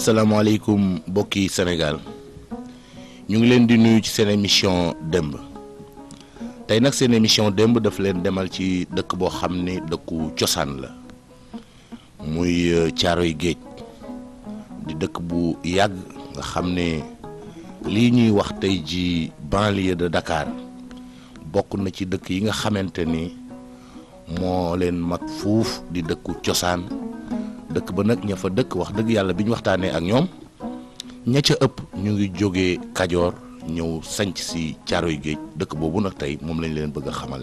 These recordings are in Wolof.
asalaamaaleykum bokki senegal ñu ngi leen di nuyu ci seen émission démb tey nag seen émission démb dafa leen demal ci dëkk boo xam ne dëkku cosaan la muy caaro euh, Caaroy Géej di dëkk bu yàgg nga xam ne lii ñuy wax tey ji banlieue de dakaar bokk na ci dëkk yi nga xamante ni moo leen mag fuuf di dëkku cosaan dëkk ba nag ña fa dëkk wax dëgg yàlla bi waxtaanee ak ñoom ña ca ëpp ñu ngi jóge Kajoor ñëw sanc si caaro Caaroy Géej dëkk boobu nag tey moom lañ leen bëgg a xamal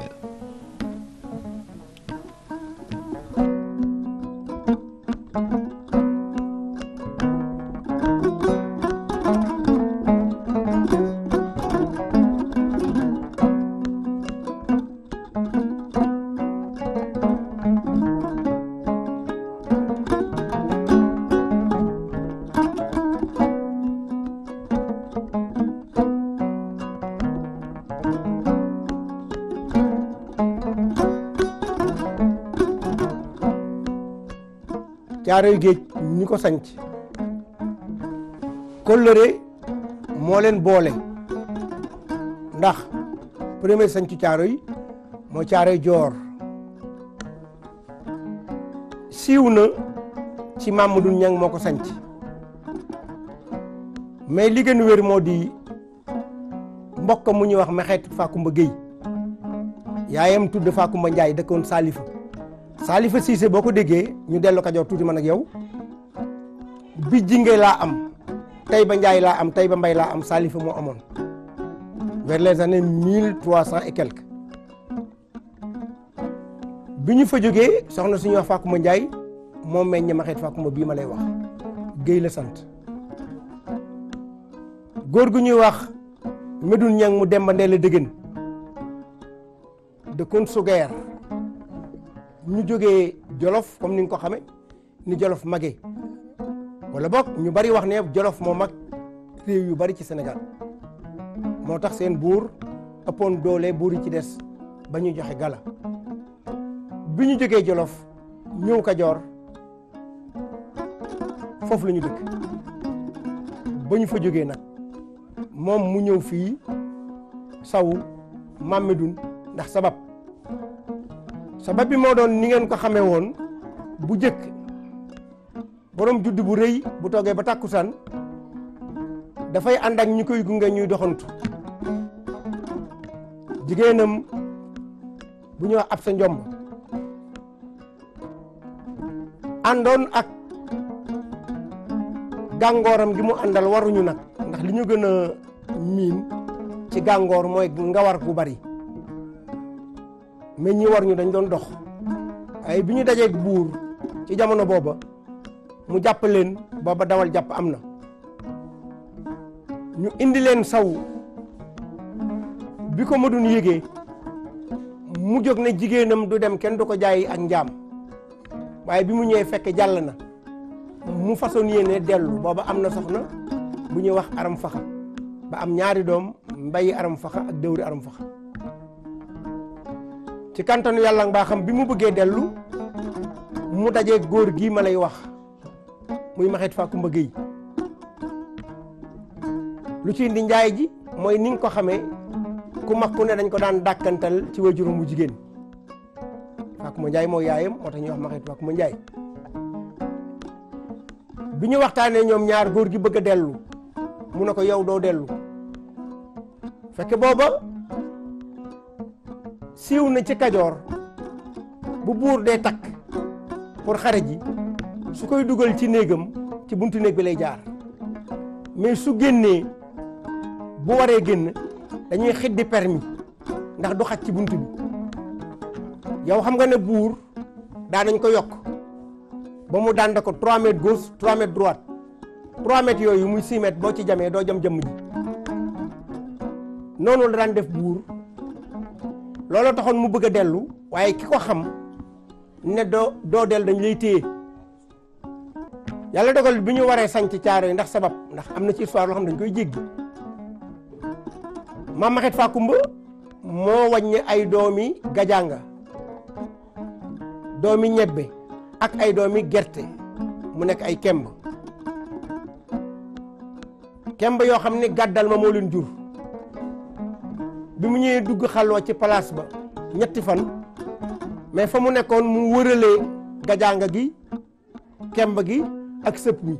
caaroy géej ñi ko sanc kóllëre moo leen boole ndax premier sanc caaro yi moo caaroy joor siiw na ci Mamadou Niang moo ko sanc mais li gën wér moo di mbokk mu ñuy wax Mexeet Fakumba Géey yaayam tudd Fakumba Njaay dëkkoon Saalifa Saalifa Cissé boo ko déggee ñu dellu Kajoor tuuti man ak yow bi jingee laa am tey ba njaay laa am tey ba mbay laa am Saalifa moo amoon les années mille trois cent et quelques bi ñu fa jógee soxna suñuy wax Fakuma Njaay moom meñ ñi ma xeet Fakuma bii ma lay wax Géy la sant góor gu ñuy wax medul Niang mu demba ndee la dëggën de kon sugeer ñu jógee jolof comme ni nga ko xame ni jolof magee wala boog ñu bari wax ne jolof moo mag réew yu bari ci senegal moo tax seen buur ëppoon doole buur yi ci des ba ñu joxe gala bi ñu jógee jolof ñëw Kajoor foofu la ñu dëkk ba ñu fa jógee nag moom mu ñëw fii sawu Mamedoune ndax sabab sabab bi moo doon ni ngeen ko xamee woon bu jëkk borom judd bu rëy bu toogee ba tàkkusaan dafay ànd ak ñi koy gunge ñuy doxantu jigéenam bu ñu wax ab sa njomb àndoon ak gàngooram gi mu àndal waruñu nag ndax li ñu gën a miin ci gàngoor mooy war gu bari meññi war ñu dañ doon dox ay bi ñu dajeeg buur ci jamono booba mu jàpp leen booba dawal jàpp am na ñu indi leen saw bi ko ma dun yëgee mu jóg ne jigéenam du dem kenn du ko jaayi ak njaam waaye bi mu ñëwee fekk jàll na mu façon yéene dellu booba am na soxna bu ñuy wax aram faxa ba am ñaari doom mbayi aram ak dëwri aram faxa ci kantanu yàlla nga xam bi mu bëggee dellu mu dajee góor gi ma lay wax muy maxet faa kumba géey lu ci indi njaay ji mooy ni ko xamee ku mag ne dañ ko daan dàkkantal ci wajuram mu jigéen faa kumba njaay mooy yaayam moo tax ñuy wax maxet faa kumba njaay bi ñu waxtaanee ñoom ñaar góor gi bëgg a dellu mu ne ko yow doo dellu fekk booba siiw na ci kajoor bu buur dee takk pour xare ji su koy dugal ci néegam ci buntu néeg bi lay jaar mais su génnee bu waree génn dañuy xiddi permis ndax du xaj ci bunt bi yow xam nga ne buur daa nañ ko yokk ba mu daan da ko 3 mètres gauche 3 mètres droite 3 mètres yooyu muy 6 mètres boo ci jamee doo jam jëmm ji noonu la daan def buur looloo taxoon mu bëgg a dellu waaye ki ko xam ne doo doo dellu dañ lay téye yàlla dogal bi ñu waree sanc caaro yi ndax sabab ndax am na ci histoire loo xam dañ koy jéggi maam maxet fàkkumba moo wàññi ay doomi gajanga doomi ñebbe ak ay doomi gerte mu nekk ay kemb kemb yoo xam ne gàddal ma moo leen jur bi mu ñëwee dugg xaloo ci place ba ñetti fan mais fa mu nekkoon mu wëralee gajaanga gi kemb gi ak sëpp mi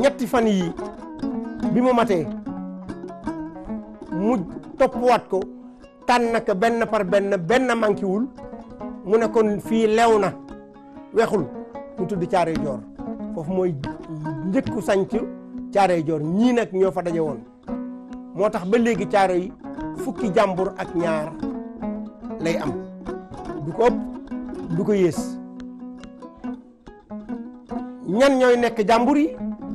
ñetti fan yi bi mu matee mu toppwaat ko tànn naka benn par benn benn mankiwul mu ne fii lew na wexul mu tudd caaree joor foofu mooy njëkku sanc caaree joor ñii nekk ñoo fa daje woon moo tax ba léegi caaro yi fukki jàmbur ak ñaar lay am du ko ëpp du yées ñan ñooy nekk jàmbur yi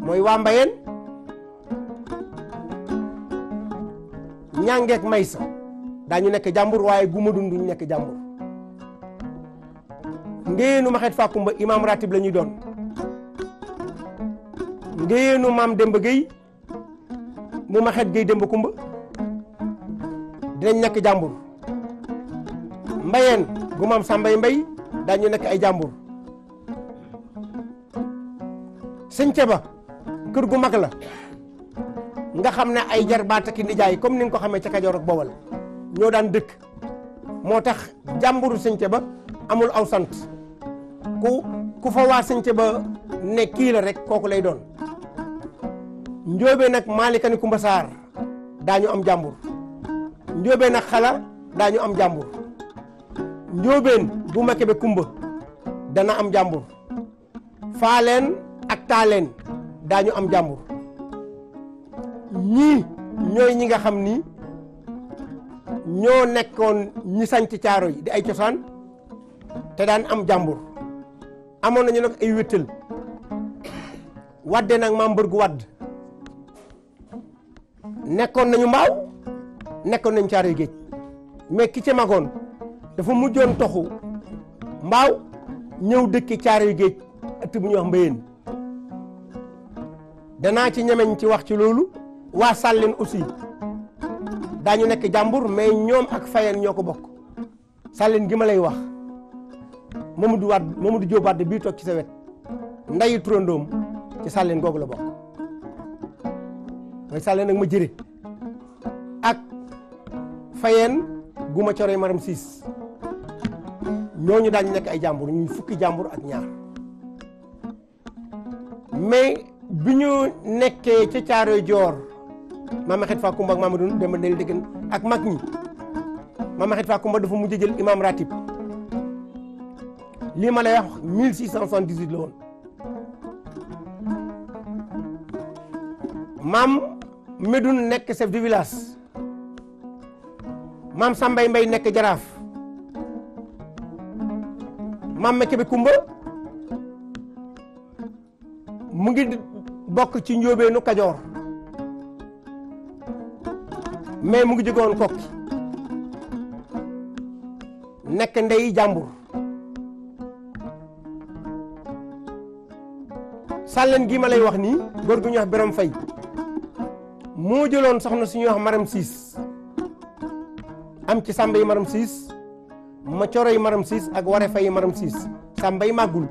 mooy waa mbayeen ñàngeek may sa daañu nekk jàmbur waaye guma dund duñ nekk jàmbur ngéyeenu maxet fàkkumba imam ratib la ñuy doon ngéyeenu maam Demba mu ma xet gay démb kumba dinañ nekk jàmbur mbayeen gu maam sàmbay mbay daañu nekk ay jàmbur sëñ ba kër gu mag la nga xam ne ay jarbaat ak nijaay comme ni nga ko xamee ca Kajoor ak Bawol ñoo daan dëkk moo tax jàmburu sëñ ba amul aw sant ku ku fa waa sëñ Thiaba ne kii la rek kooku lay doon njóobeen ak maalikani kumba saar daañu am jàmbur njóobeen ak daañu am jàmbur njóobeen bu ma kebe kumba dana am jàmbur faaleen ak taaleen daañu am jàmbur ñii ñooy ñi nga xam ni ñoo nekkoon ñi sanc caaro yi di ay cosaan te daan am jàmbur amoon nañu nag ay wéttal wadde nag maam mbër gu wadd nekkoon nañu mbaaw nekkoon nañu caaroy géej mais ki ci magoon dafa mujjoon toxu mbaaw ñëw dëkki caaroy géej ëtt bu ñuy wax mbéyeen danaa ci ñemeñ ci wax ci loolu waa sàllin aussi daañu nekk jàmbur mais ñoom ak fayeen ñoo ko bokk sàllin gi ma lay wax Mamadou Wade Mamadou Diop Wade bii toog ci sa wet ndayi turandoom ci sàllin googu la bokk mooy sàlle nag ma jëre ak fayeen gu ma coree maram siis ñooñu daañu nekk ay jàmbur ñu fukki jàmbur ak ñaar mais bi ñu nekkee ca caaroy joor ma xet fa kumba ak maama dun dem del dëggan ak mag ñi maama xet fa kumba dafa mu jël imam ratib lii ma lay wax 1678 la woon maam Médoune nekk chef du village maam Sambay Mbay nekk jaraaf maam Mekke bi Kumba mu ngi bokk ci njóobeenu Kajoor mais mu ngi jógoon kokki nekk ndey jàmbur sàlleen gi ma lay wax nii góor gu ñu wax Fay moo jëloon soxna suñuy wax maram siis am ci sàmba yi maram siis ma coro yi maram siis ak ware fa yi maram siis sàmba yi màggul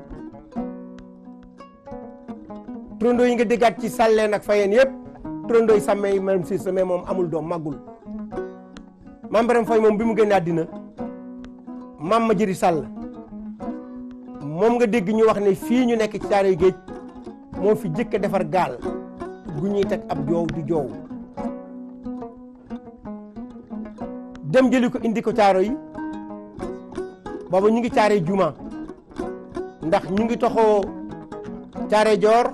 turandoo yi nga déggaat ci sàlleen ak fayeen yëpp turandoo yi sàmba yi maram siis mais moom amul doom màggul maam baram fay moom bi mu génn àddina maam ma jëri sàll moom nga dégg ñu wax ne fii ñu nekk ci caare géej moo fi jëkk defar gaal gu ñuy ab joow du joow dem jëli ko indi ko caaro yi booba ñu ngi caare juma ndax ñu ngi toxoo caare joor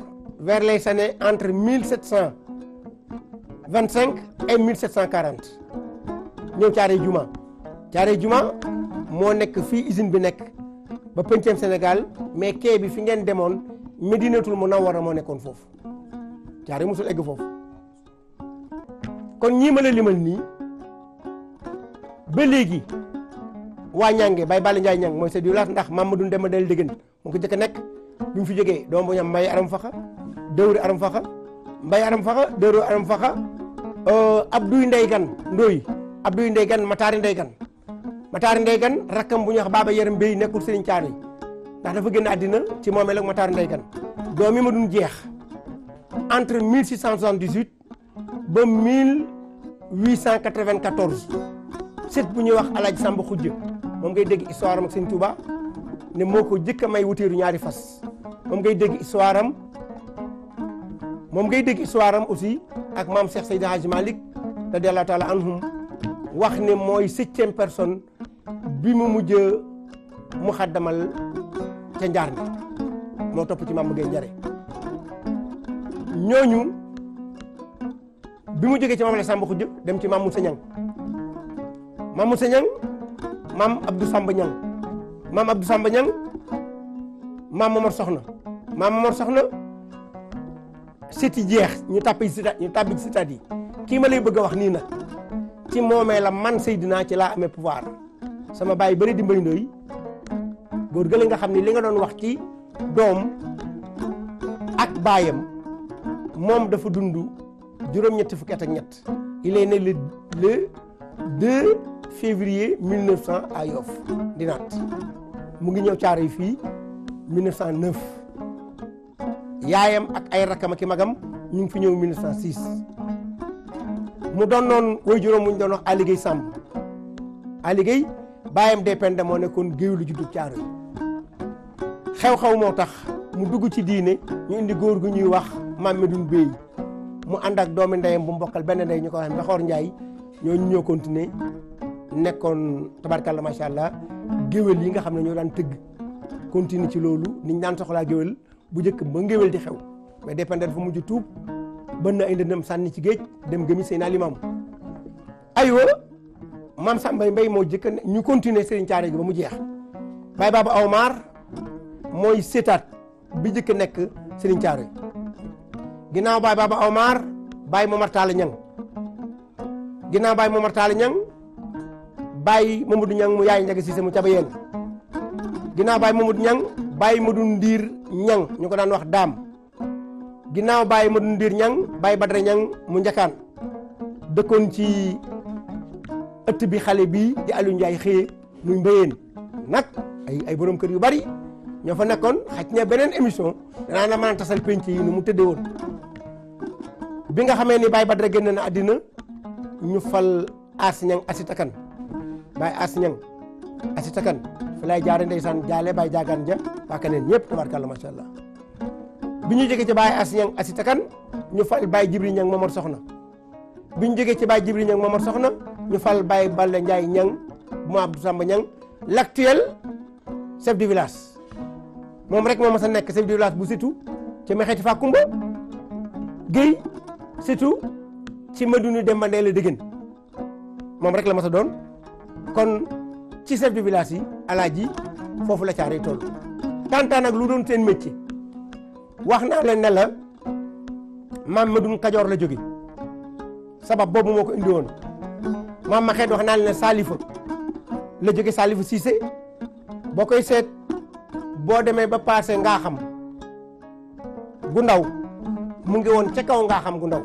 vers les années entre 1725 et 1740 ñëw caare juma caare juma moo nekk fii usine bi nekk ba pencem Sénégal mais kee bi fi ngeen demoon Medinatul Munawwara moo nekkoon foofu jaare musul egg foofu kon ñii ma la limal nii ba léegi waa ñànge bay bàlli njaay ñàng mooy seet yu laat ndax Mamadou Ndemba del dëggan moo ko jëkk nekk bi mu fi jógee doom bu ñam mbay aram faxa dëwri aram faxa mbay aram faxa dëwri aram faxa Gan Ndoy euh, Abdou Ndeye Gan Mataari Ndeye Gan Mataari Ndeye Gan rakkam bu ñu wax Baba Yaram Mbay nekkul Serigne Thiané ndax dafa génn àddina ci moomeel ak Mataari Ndeye Gan doom ma duñ jeex entre 1678 ba 1894 sët bu ñuy wax Alaaji Samba Xujja moom ngay dégg histoire am ak sëñ Touba ne moo ko jëkk a may wuteeru ñaari fas moom ngay dégg histoire am moom ngay dégg histoire am aussi ak maam Cheikh Seydi Hadji Malick radiyallahu taala anhum wax ne mooy septième personne bi mu mujj mu ca njaar mi moo topp ci maam Gueye Njare ñooñu bi mu jógee ci maam la Samba Khoudia dem ci maam Moussa Niang maam Moussa Niang maam Abdou Samba Niang maam Abdou Samba Niang maam Momar Soxna maam Momar Soxna siti jeex ñu tàppi sita ñu tàppi sitaat yi kii ma lay bëgg a wax nii nag ci moomee la man Seydina ci laa amee pouvoir sama baay bëri di mbay ndoy góor gële nga xam ne li nga doon wax ci doom ak baayam moom dafa dund juróom-ñetti fukki at ak ñett il est né le le février 1900 à Yoff Ndinaat mu ngi ñëw caar yi fii 1909 yaayam ak ay rakkam ak i magam ñu ngi fi ñëw 1906 mu doon noon way juróom mu ñu doon wax Ali Guèye Samb Ali Guèye moo nekkoon géeyu lu juddu caar yi xew-xew moo tax mu dugg ci diine ñu indi góor gi ñuy wax duñ Bey mu ànd ak doomi ndeyam bu mbokkal benn ndey ñu ko waxee Mbaxoor Ndiaye ñu ñoo continué nekkoon tabarkalla macha allah géwél yi nga xam ne ñoo daan tëgg continué ci loolu niñ daan soxlaa géwél bu njëkk ba ngéwél di xew mais dépendant dafa mujj tuub bën na ay ndëndam sànni ci géej dem gëmi Seydina Limam aywa maam Samba Mbaye moo jëkk ñu continuer Serigne Thiaré gi ba mu jeex Baye Baba Omar mooy seetaat bi jëkk nekk Serigne Thiaré ginnaaw baay Baba Omar baay Momar Talla Niang ginnaaw baay Momar Talla Niang baay Mamadou Niang mu yaay njëkk mu caba yeen ginnaaw baay Mamadou Niang baay Madu Ndiir Niang ñu ko daan wax daam ginnaaw baay Madu Ndiir Niang baay Badara Niang mu njakaan dëkkoon ci ëtt bi xale bii di Aliou Ndiaye xëye muy mbéyeen nag ay ay kër yu bari ñoo fa nekkoon xaj na beneen émission danaa la mën a tasal yi ni mu tëddee woon bi nga xamee ni ba Badara génn na àddina ñu fal As Ñang asitakan Baye As Ñang asitakan fi lay jaare ndeysaan jaale Baye jaagaan ja waa keneen ñëpp tabarkàlla macha allah bi ñu jegee ci Baye As assi asitakan ñu fal Baye Jibri Ñang Momar Soxna bi ñu jegee ci Baye Jibri Ñang Momar Soxna ñu fal Baye Balla Ndiaye Ñang mu Abdou Samba Ñang l'actuel du village. moom rek moo ma sa nekk chef du village bu situ ci Mexeti Fakumba Guèye Sitou ci Madunu Demba Ndeye la dëggeen moom rek la mas a doon kon ci chef du village yi alaaji foofu la caaree toll. tàntaan ak lu doon seen métier wax naa leen ne la maam Madun Kajoor la jóge sabab boobu moo ko indi woon maam ma xeet wax naa leen ne Saalifa la jóge Saalifa Cissé boo koy seet. boo demee ba paase ngaa xam gu ndaw mu ngi woon ca kaw ngaa xam gu ndaw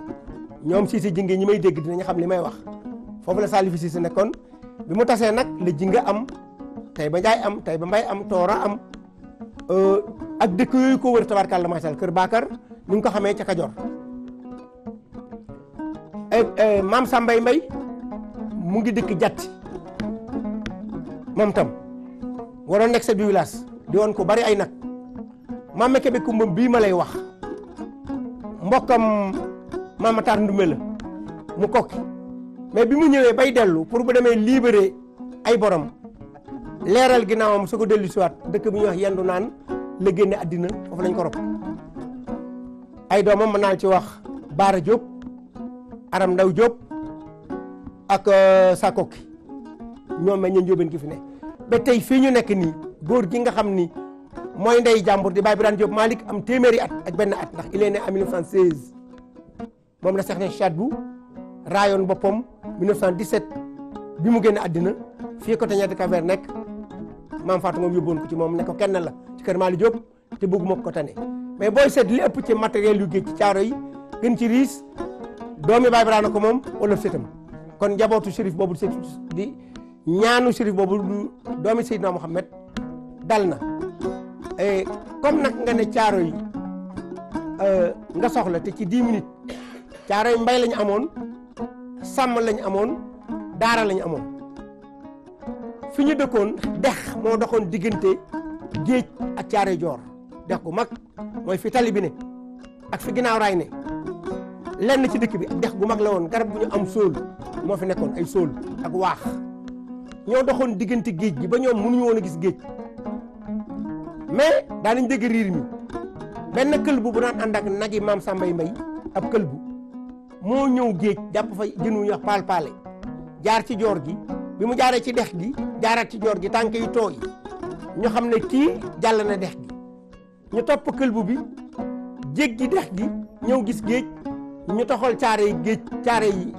ñoom Cissé Jinge ñi may dégg dinañu xam li may wax foofu la Salif Cissé nekkoon bi mu tasee nag la Jinge am tey ba Njaay am tey ba Mbay am Toora am euh, ak dëkk yooyu ko wër tabarkàlla macha allah Kër baakar ni nga ko xamee ca Kajoor euh, maam Sambay Mbay mu ngi dëkk jatti moom tam waroon nekk sa du village di woon ko bari ay nag maam Kébé Kumba bii ma lay wax mbokkam Maam Matar Ndumbe la mu kokki mais bi mu ñëwee bay dellu pour bu demee libéré ay borom leeral ginnaawam su ko dellu siwaat dëkk bi ñuy wax yendu naan la génne àddina foofu lañ ko rob ay doomam mën naa ci wax Baara Diop Aram Ndaw Diop ak euh, Sakokki ñoom meñ ñeen jóobeen ki fi ne ba tey fii ñu nekk nii góor gi nga xam ni mooy ndey jàmbur di Baye Birane Diop Malick am téeméeri at ak benn at ndax il est né en 1916 moom la Cheikh Chadbou raayoon boppam 1917 bi mu génn àddina fii côté ñetti Cap-Vert nekk maam Fatou moom ci moom ne ko kenn la ci kër Malick Diop te bëgguma ko tane mais booy seet li ëpp ci matériel yu géej ci caaro yi gën ci riis doomi Baye ko moom wala setam kon njabootu shérif boobu di ñaanu shérif boobu dal na e, comme nag nga ne caaro yi e, nga soxla te ci 10 minutes caaro yi mbay lañu amoon sàmm lañu amoon daara lañu amoon fi ñu dëkkoon dex moo doxoon diggante géej ak caaro yi joor dex gu mag mooy fi tali bi ne ak fi ginnaaw ne lenn ci dëkk bi ak dex gu mag la woon garab bu ñu am sóol moo fi nekkoon ay sóol ak waax ñoo doxoon diggante géej gi ba ñoom mënuñu woon a gis géej mais daanañ dégg riir mi benn këlbu bu naan ànd ak nag yi maam Sambay Mbay ab këlbu moo ñëw géej jàpp fa jën wu ñuy wax paal paale jaar ci joor gi bi mu jaaree ci dex gi jaaraat ci joor gi tànk yi tooy ñu xam ne kii jàll na dex gi ñu topp këlbu bi jéggi dex gi ñëw gis géej ñu toxal caare yi géej caare yi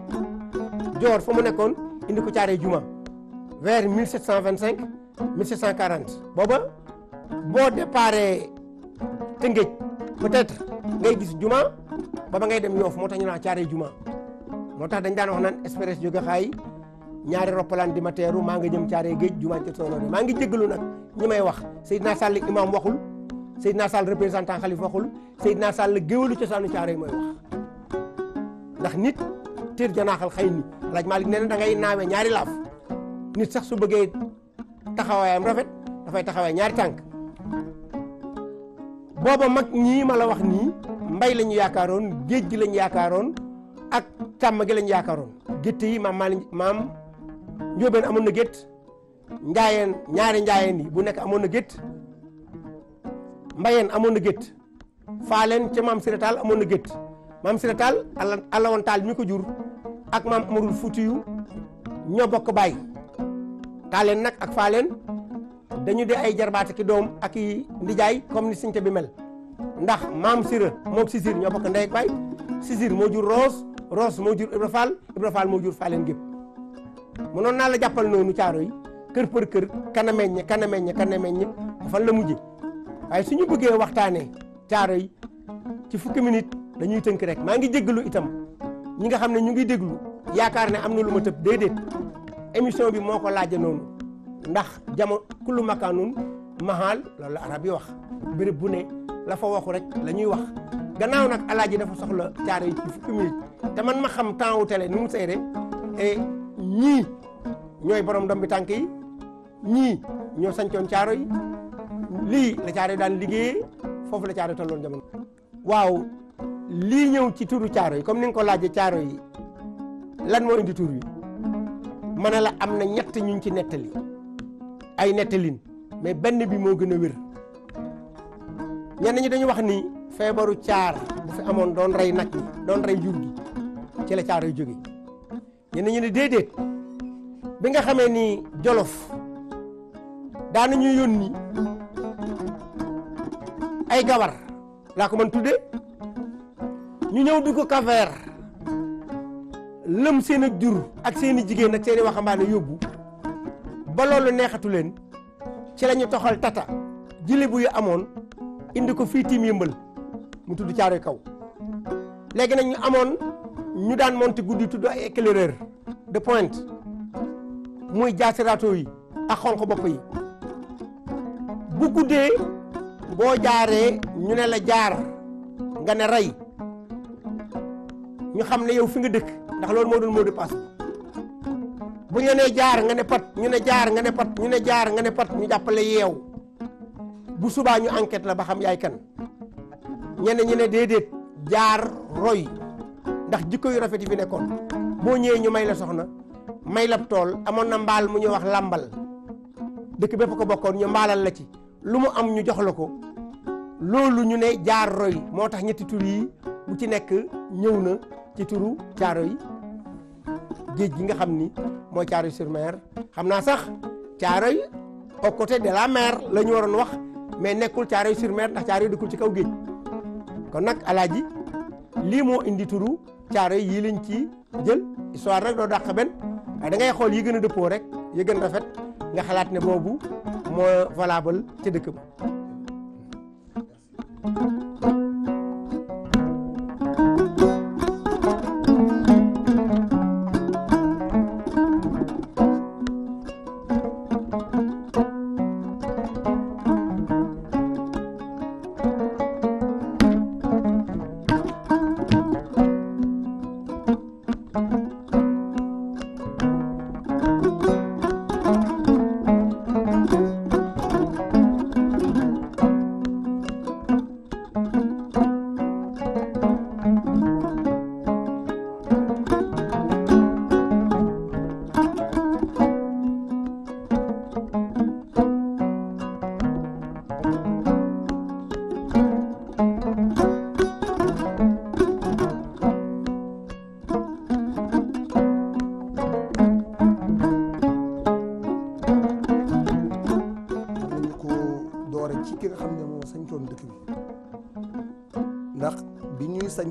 joor fa mu nekkoon indi ko caare juma vers 1725 1740 booba boo déparé Tëngéej peut-être ngay gis juma ba ba ngay dem Yoof moo tax ñu naan caare juma moo tax dañ daan wax naan express jóge xaay ñaari roppalaan di ma maa ngi jëm caare géej juma ca Soorone maa ngi jéggalu nag ñi may wax Seydina Sall imam waxul Seydina Sall représentant xalif waxul Seydina Sall géwalu cosaanu caare yi mooy wax ndax nit tiir janaaxal xëy ni laaj Malick nee na da ngay naawe ñaari laaf nit sax su bëggee taxawaayam rafet dafay taxawaay ñaari tànk booba mag ñii mala wax nii mbay lañu yaakaaroon géej gi lañu yaakaaroon ak càmm gi lañu yaakaaroon gétt yi maam maali maam njóobeen amoon na gét njaayeen ñaari njaayeen yi bu nekk amoon na gét mbayeen amoon na gétt faaleen ca maam Siré Taal amoon na gétt maam Siré Taal mi ko ak maam amarul fuuti ñoo bokk bàyyi taaleen nag ak faaleen dañu di ay jarbaate ki doom ak i ndijaay comme ni sinte bi mel ndax maam sira si sisir ñoo bokk ndey ak baay sisir moo jur roos roos moo jur Ibra Fall Ibra Fall moo jur Faaleen gépp noon naa la jàppal noonu caaro yi kër për kër kana meññ kana meññ fan la mujje waaye suñu bëggee waxtaanee caaro yi ci fukki minute dañuy tënk rek maa ngi jéggalu itam ñi nga xam ne ñu ngi déglu yaakaar ne am na lu ma tëb déedéet émission bi moo ko laaje noonu ndax jamono kullu makaanun mahaal loolu la arab yi wax béréb bu ne la fa waxu rek lañuy wax gannaaw nag alaaji dafa soxla caare yi ci fukki minute te man ma xam temps wu télé nu mu seere ñii ñooy borom ndombi tànk yi ñii ñoo sancoon caaro yi lii la caaro yi daan liggéeyee foofu la caaro yi tolloon jamono waaw lii ñëw ci tuuru caaro yi comme ni nga ko laajee caaro yi lan moo indi tur yi ma ne la am na ñett ñu ci nettali ay nettalin mais benn bi moo gën a wér ñenn ñi dañu wax ni feebaru caar bu fi amoon doon rey nag yi doon rey jur gi ci la caar yu jóge ñenn ñi ne déedéet bi nga xamee ni jolof daanañu yónni ay gawar laa ko mën tudde ñu ñëw di ko kaver lëm seen ak jur ak seen i jigéen ak seen waxambaane yóbbu ba loolu neexatu leen ci la ñu toxal tata jili bu yu amoon indi ko fii tiim yëmbal mu tudd caaroy kaw léegi nag ñu amoon ñu daan monte guddi tudd ay éclaireur de pointe muy jaasiraato yi ak xonq bopp yi bu guddee boo jaaree ñu ne la jaar nga ne rey ñu xam ne yow fi nga dëkk ndax loolu moo doon moo de passe bu ñu nee jaar nga ne pat ñu ne jaar nga ne pat ñu ne jaar nga ne pat ñu jàppale yeew bu subaa ñu enquête la ba xam yaay kan ñeneen ñu ne déedéet jaar roy ndax jikko yu rafet yi fi nekkoon boo ñëwee ñu may la soxna may la tool amoon na mbaal mu ñuy wax làmbal dëkk bépp ko bokkoon ñu mbaalal la ci lu mu am ñu jox la ko loolu ñu ne jaar roy moo tax ñetti tur yi bu ci nekk ñëw na ci turu caaro yi géej gi nga xam ni mooy Thiaroye sur mer xam naa sax Thiaroye au côté de la mer la ñu waroon wax mais nekkul Thiaroye sur mer ndax Thiaroye dëkkul ci kaw géej kon nag alaaji lii moo indi turu Thiaroye yii lañ ci jël histoire rek doo dàq benn waaye da ngay xool yi gën a dëppoo rek yi gën rafet nga xalaat ne boobu moo valable ci dëkk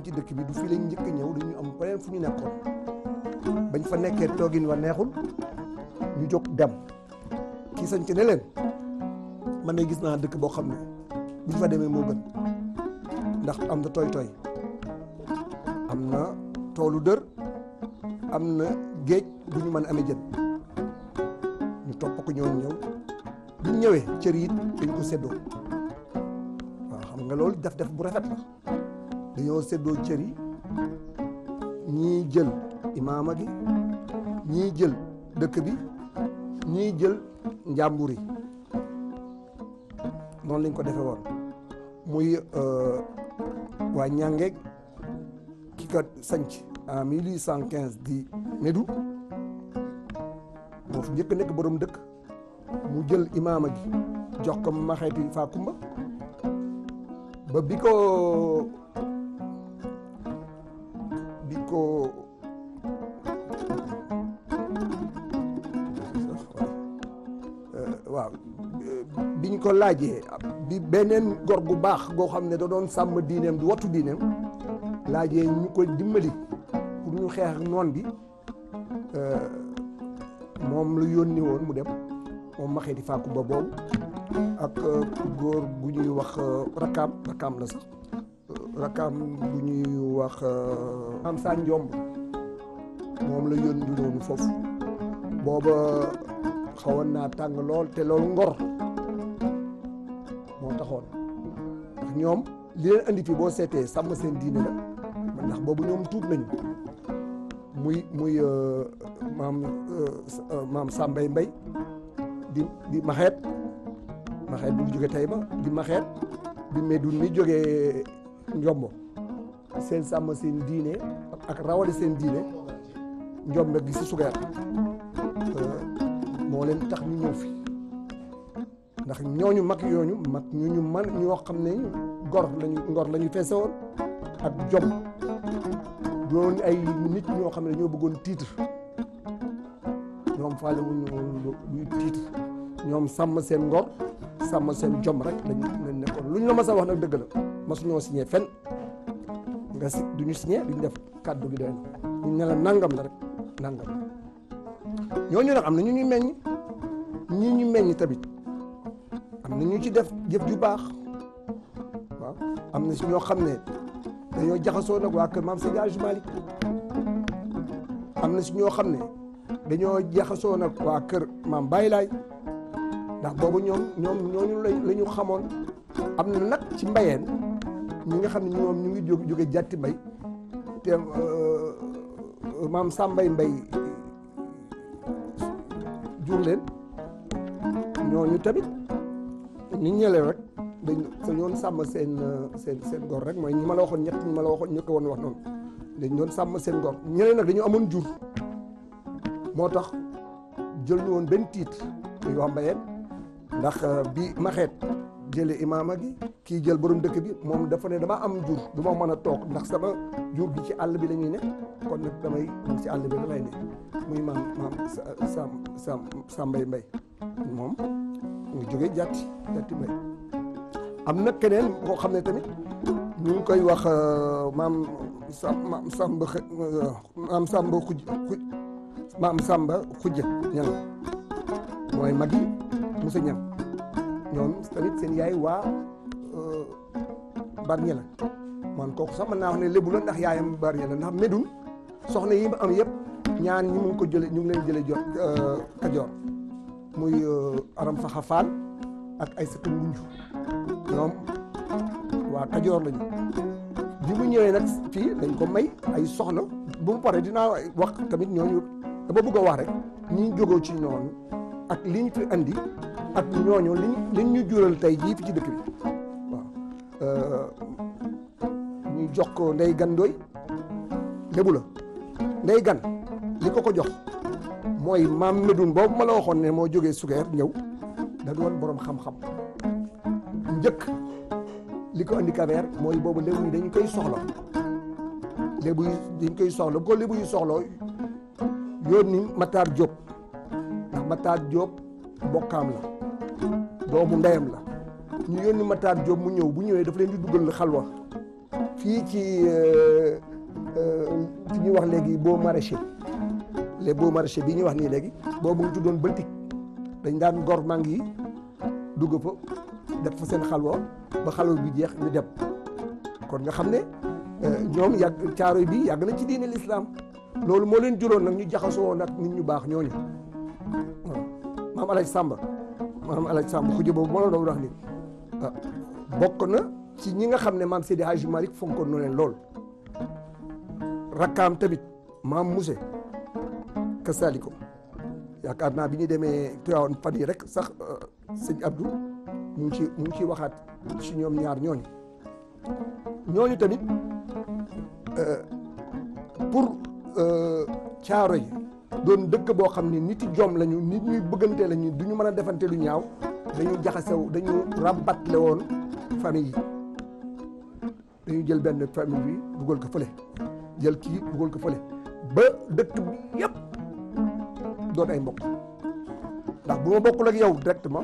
ci dëkk bi du fii lañ njëkk ñëw dañu am beneen fu ñu nekkoon bañ fa nekkee toogin wa neexul ñu jóg dem kii sañ ci ne leen man ne gis naa dëkk boo xam ne buñ fa demee moo gën ndax am na tooy tooy am na toolu dër am na géej bu ñu mën amee jën ñu topp ko ñoon ñëw buñ ñëwee cër yi dañ ko séddoo waaw xam nga loolu def def bu rafet dañoo séddoo cër yi ñii jël imaama gi ñii jël dëkk bi ñii jël njàmbur yi noonu lañ ko defe woon muy euh, waa ñàngeeg ki ko sanc en 1815 di Médou moo fi njëkk nekk borom dëkk mu jël imaama gi jox ko ma xeeti Fakumba ba bi ko ko eh, waaw eh, biñ ko laajee bi beneen gor gu baax goo xam ne da doon sàmm diineem di wattu diineem laajee ñu ko dimbali pour ñu xeex ak noon bi eh, moom lu yónni woon mu dem moom maxeeti fàkku ba boobu ak góor gu ñuy wax rakkaam rakkaam la sax rakam bu ñuy wax am sa njomb moom la yónni noonu foofu booba naa tàng lool te loolu ngor moo taxoon ñoom li leen andi fi boo seetee sàmm seen diine la ndax boobu ñoom tuub nañu muy muy euh, maam euh, euh, Sambay Mbay di maxeet maxeet bu jóge tey ba di maxeet bi Medoune mi jógee njomb seen sàmm seen diine ak rawale seen diine njomb gi si sugeer moo leen tax ñu ñëw fi ndax ñooñu mag yooñu mag ñu ñu man ñoo xam ne gor lañu ngor la ñu feese woon ak jom doon ay nit ñoo xam ne ñoo bëggoon titre ñoom faale wuñu titre ñoom sàmm seen ngor sàmm seen jom rek lañ luñ la mës wax nag dëgg la masuñoo signé fen nga si duñu signé duñ def kàddu gi doy na ñu ne la nangam la rek nangam ñooñu nag am na ñu ñu meññ ñi ñu tamit am na ñu ci def jëf ju baax am na si ñoo xam ne dañoo jaxasoo nag waa kër maam Seydi am na si ñoo xam ne dañoo jaxasoo nag waa kër maam Baye Laay ndax boobu ñoom ñoom ñooñu la ñu xamoon am na nag ci mbayeen ñi nga xam ne ñoom ñu ngi jóge jóge jàtti mbay euh, euh, maam sàmbay mbay jur leen ñooñu tamit ñu ñëlee rek dañ dañ doon sàmm seen euh, seen seen gor rek mooy ñi ma la waxoon ñett ñi ma la waxoon ñëkk woon wax noonu dañ doon sàmm seen gor ñeneen nag dañu amoon jur moo tax jël ñu woon benn tiit dañu wax mbayeen ndax bi maxeet jële imaama gi kii jël borom dëkk bi moom dafa ne dama am jur du ma mën a toog ndax sama jur bi ci àll bi la ne kon nag damay man ci àll bi la lay ne muy maam maam sam sam sam mbay mbay moom nga jóge jàtti jàtti na keneen boo xam ne tamit ñu ngi koy wax euh, maam sam maam samba euh, maam samba xuj xuj maam samba xujja mooy mag yi musa ñan ñoom tamit seen yaay waa euh, Bargny la man kooku sax mën naa wax ne lébu la ndax yaayam Bargny la ndax Médoune soxna yi am yëpp ñaan ñu ngi ko jële ñu ngi leen jële jot euh, Kajoor muy euh, aram faxa faan ak ay sëtu ngunj ñoom waa Kajoor lañu bi mu ñëwee nag fii dañ ko may ay soxna bu mu paree dinaa wax tamit ñooñu dama bëgg a wax rek ñi jógoo ci noonu ak li ñu fi andi ak ñooñu liñ liñ ñu jural tey jii fi ci dëkk bi euh, ñu jox ko Ndeye Gane Ndoye lébu la li ko ko jox mooy maam Medoune boobu ma la waxoon ne moo jógee sukeer ñëw da doon borom xam-xam njëkk li ko andi kabeer mooy boobu lébu dañ koy soxla lébu dañ koy soxla ko lébu yi soxla yoon ni Matar Diop ndax Matar Diop bokkaam la doomu ndeyam la ñu yónni Matar Diop mu ñëw bu ñëwee daf leen di dugal xalwa fii ci fi euh, euh, ñuy wax léegi boo maraîcher les beaux maraîchers bii ñuy wax nii léegi boobu ngi tuddoon bëntik dañ daan gor mang yi dugg fa def fa seen xalwa ba xalwa bi jeex ñu dem kon nga xam ne euh, ñoom yàgg caaroy bi yàgg na ci diine lislaam loolu moo leen juróon nag ñu jaxasoo nag nit ñu baax ñooñu maam Alaaji Sàmba maanaam alaaj Samba Xuuja boobu moo la doon wax ni ah, bokk na ci ñi nga xam ne maam Seydi Hadji Malick fonkoon na leen lool rakkaam tamit maam Muse kasaaliko yaakaar naa bi ñu demee Tiwaawan fan yi rek sax euh, sëñ Abdou mu ngi ci mu ngi ciy waxaat ci ñoom ñaar ñooñu ñooñu tamit euh, pour euh, caaro yi doon dëkk boo xam ne niti jom lañu nit ñuy bëggante lañu du ñu mën a defante lu ñaaw dañu jaxasew dañu rabatle woon famille yi dañu jël benn famille bi dugal ko fële jël kii dugal ko fële ba dëkk bi yëpp doon ay mbokk ndax bu ma bokkul ak yow ma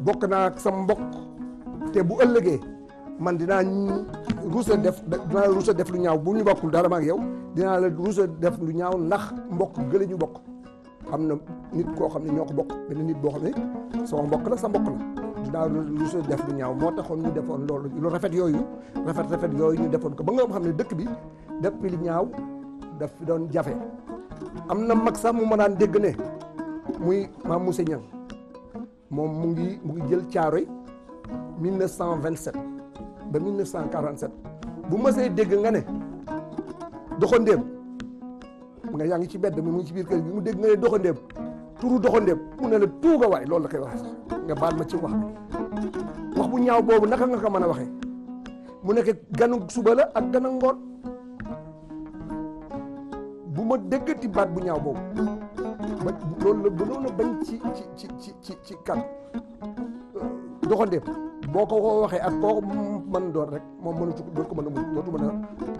bokk naa ak sama mbokk te bu ëllëgee man dinaa ruus a def dinaa ruus a def lu ñaaw bu ñu bokkul dara ma ak yow dinaa la rus a def lu ñaaw ndax mbokk gële ñu bokk am na nit koo xam ne ñoo ko bokk benn nit boo xam ne sama mbokk la sa mbokk la dinaa la rus def lu ñaaw moo taxoon ñu defoon loolu lu rafet yooyu rafet rafet yooyu ñu defoon ko ba nga xam ne dëkk bi def li ñaaw daf doon jafe am na mag sax mu ma daan dégg ne muy maam Moussa Niang moom mu ngi mu ngi jël caaroy 1927 ba 1947 bu mësee dégg nga ne doxandéem nga yaa ngi ci mbedd mi mu ngi ci biir kër gi mu dégg nga ne doxandéem turu doxandéem mu ne la tuuga waay loolu la koy wax nga baal ma ci wax bi wax bu ñaaw boobu naka nga ko mën a waxee mu nekk ganu suba la ak gana ngoon bu ma déggati baat bu ñaaw boobu ba loolu la gënoon a bañ ci ci ci ci ci ci kan euh, doxandéem boo ko ko waxee ak koo mën doon rek moom mënatu dootu ko mën a mën dootu mën a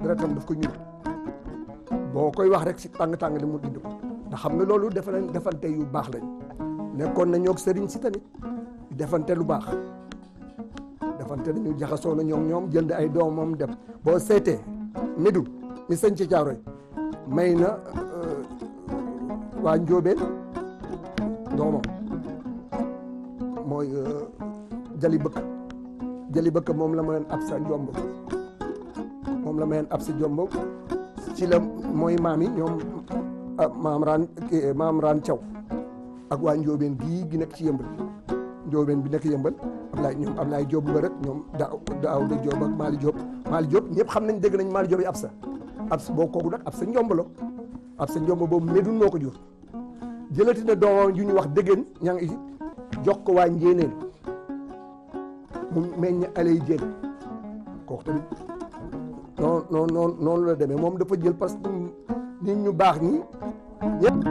deretam daf ko ñuul boo koy wax rek si tàng-tàng li mu di ko ndax xam nga loolu defe defante yu baax lañ nekkoon na ñoog sëriñ si tamit defante lu baax defante nañu jaxasoo na ñoom ñoom jënd ay doomam dem boo seetee midu mi sëñ ci may na euh, waa njóobeen doomam mooy euh, jali bëkk jali bëkk moom la ma leen ab sa jomb moom la ma ab sa jomb ci la mooy maam yi ñoom ah, maam raan maam raan Thiaw ak waa njóobeen gii gi nekk ci yëmbal njóobeen bi nekk yëmbal Ablaye ñoom Ablaye Diop mbërëk ñoom daaw daaw da Diop ak Mali Diop ñëpp xam nañ dégg nañ Mali Diop yi ab sa ab sa boo kooku nag ab sa njombalo ab boobu medun moo ko jur jëlati na doomam ju ñu wax dëggeen ña ngi jox ko waa njéeneen mu meññ alay jéen kooku tamit non non non noonu la demee moom dafa jël parce que nit ñu baax ñi ñëpp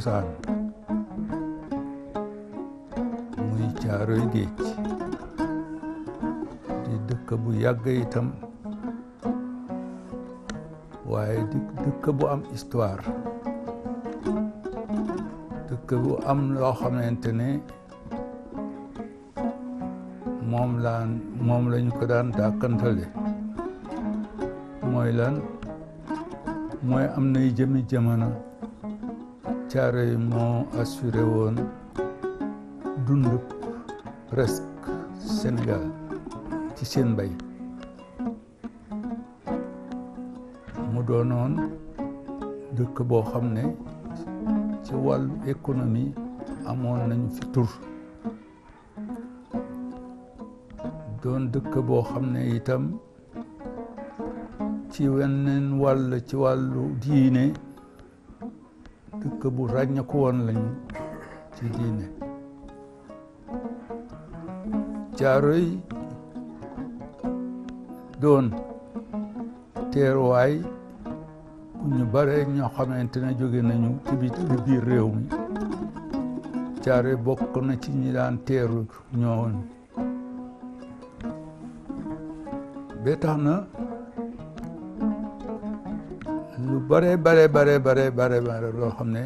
cosaan muy caaroy géej di dëkk bu yàgg itam waaye di dëkk bu am histoire dëkk bu am loo xamante ne moom laan moom lañu ko daan dàkkantale mooy lan mooy am nay jëmi jamono Caaroy moo assuré woon dundub presque Sénégal ci seen mbay mu doonoon dëkk boo xam ne ci wàllu économie amoon nañu fi tur doon dëkk boo xam ne itam ci weneen wàll ci wàllu diine dëkk bu ràññeeku woon lañu ci diine Caaroy doon teeruwaay bu ñu bare ñoo xamante ne jóge nañu ci biir réew mi Caaroy bokk ci ñi daan teeru ñooñu ba bare bare bare bare bare loo xam ne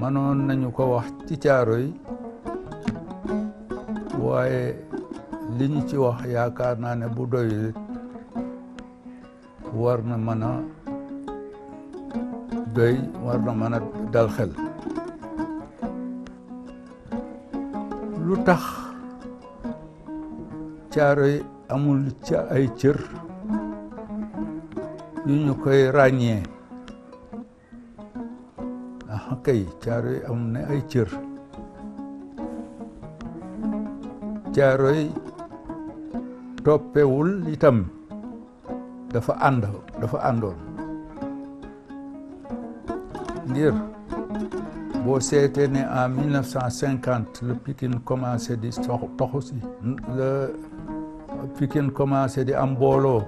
mënoon nañu ko wax ci caaro yi waaye li ñu ci wax yaakaar naa ne bu doyul war na mën a doy war na mën a lu tax caaro yi amul ca ay cër yu ñu koy ràññee ah kay Caaroy am na ay cër Caaroy toppewul itam dafa ànd dafa àndoon ngir boo seetee ne en 1950 le Pikine commencé di toxu si le Pikine commencé di am mbooloo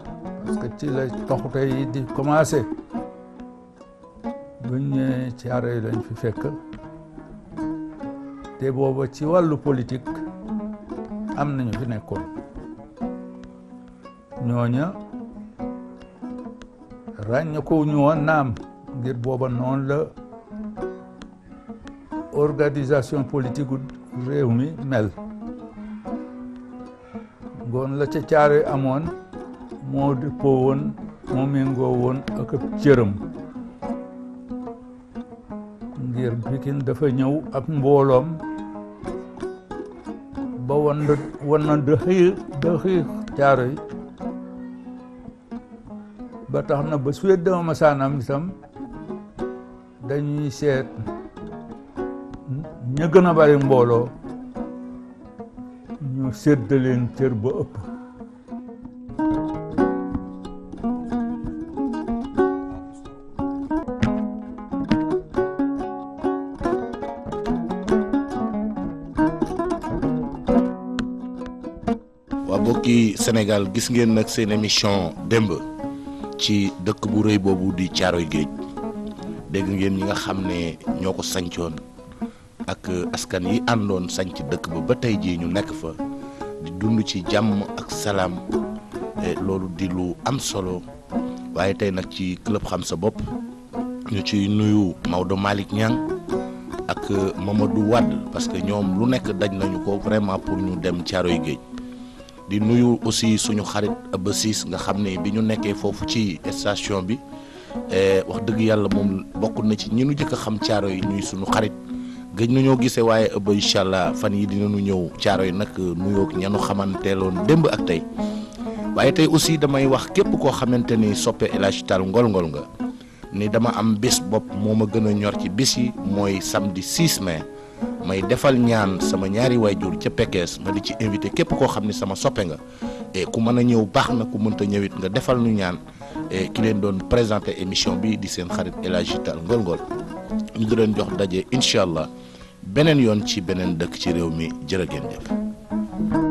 parce que ci la toxute yi di commencé buñ ñëwee ci ara yi lañ fi fekk te booba ci wàllu politik am nañu fi nekkoon ñooña ràññ ko ñu woon naam ngir booba noon la organisation politique réew mi mel ngoon la ca caare amoon moo dëppoo woon moo méngoo woon ak ab cëram ngir Pikine dafa ñëw ak mbooloom ba wan na wan na dëxëy dëxëy caaro yi ba tax na ba suet dama masaanam itam dañuy seet ña gën a bari mbooloo ñu séddaleen cër ba ëpp Sénégal gis ngeen nag seen émission démb ci dëkk bu rëy boobu di Caaroy Géej dégg ngeen ñi nga xam ne ñoo ko sancoon ak askan yi àndoon sanc dëkk ba ba tey jii ñu nekk fa di dund ci jàmm ak salaam eh, loolu di lu am solo waaye tey nag ci club xam sa bopp ñu ci nuyu Maodo Malick Niang ak moom Mamadou Wade parce que ñoom lu nekk daj nañu ko vraiment pour ñu dem Caaroy Géej di nuyu aussi suñu xarit Abba Siis nga xam ne bi ñu nekkee foofu ci station bi eh, wax dëgg yàlla moom bokk na ci ñi nu jëkk a xam caaro yi ñuy suñu xarit gëj nañoo gisee waaye Abba incha allah fan yi dinañu ñëw caaro yi nag nuyoog ñanu xamanteeloon démb ak tey waaye tey aussi damay wax képp koo xamante ni soppe El Hadji Tall nga ni dama am bés bopp moo ma gën a ñor ci bis yi mooy samedi 6 mais may defal ñaan sama ñaari waajur ca Pekes ma di ci invité képp koo xam ni sama soppe nga et ku mën a ñëw baax na ku mënta ñëwit nga defal nu ñaan ki leen doon présenté émission bi di seen xarit El Hadji Tall Ngol Ngol leen jox daje incha allah beneen yoon ci beneen dëkk ci réew mi jërë ngeen jëf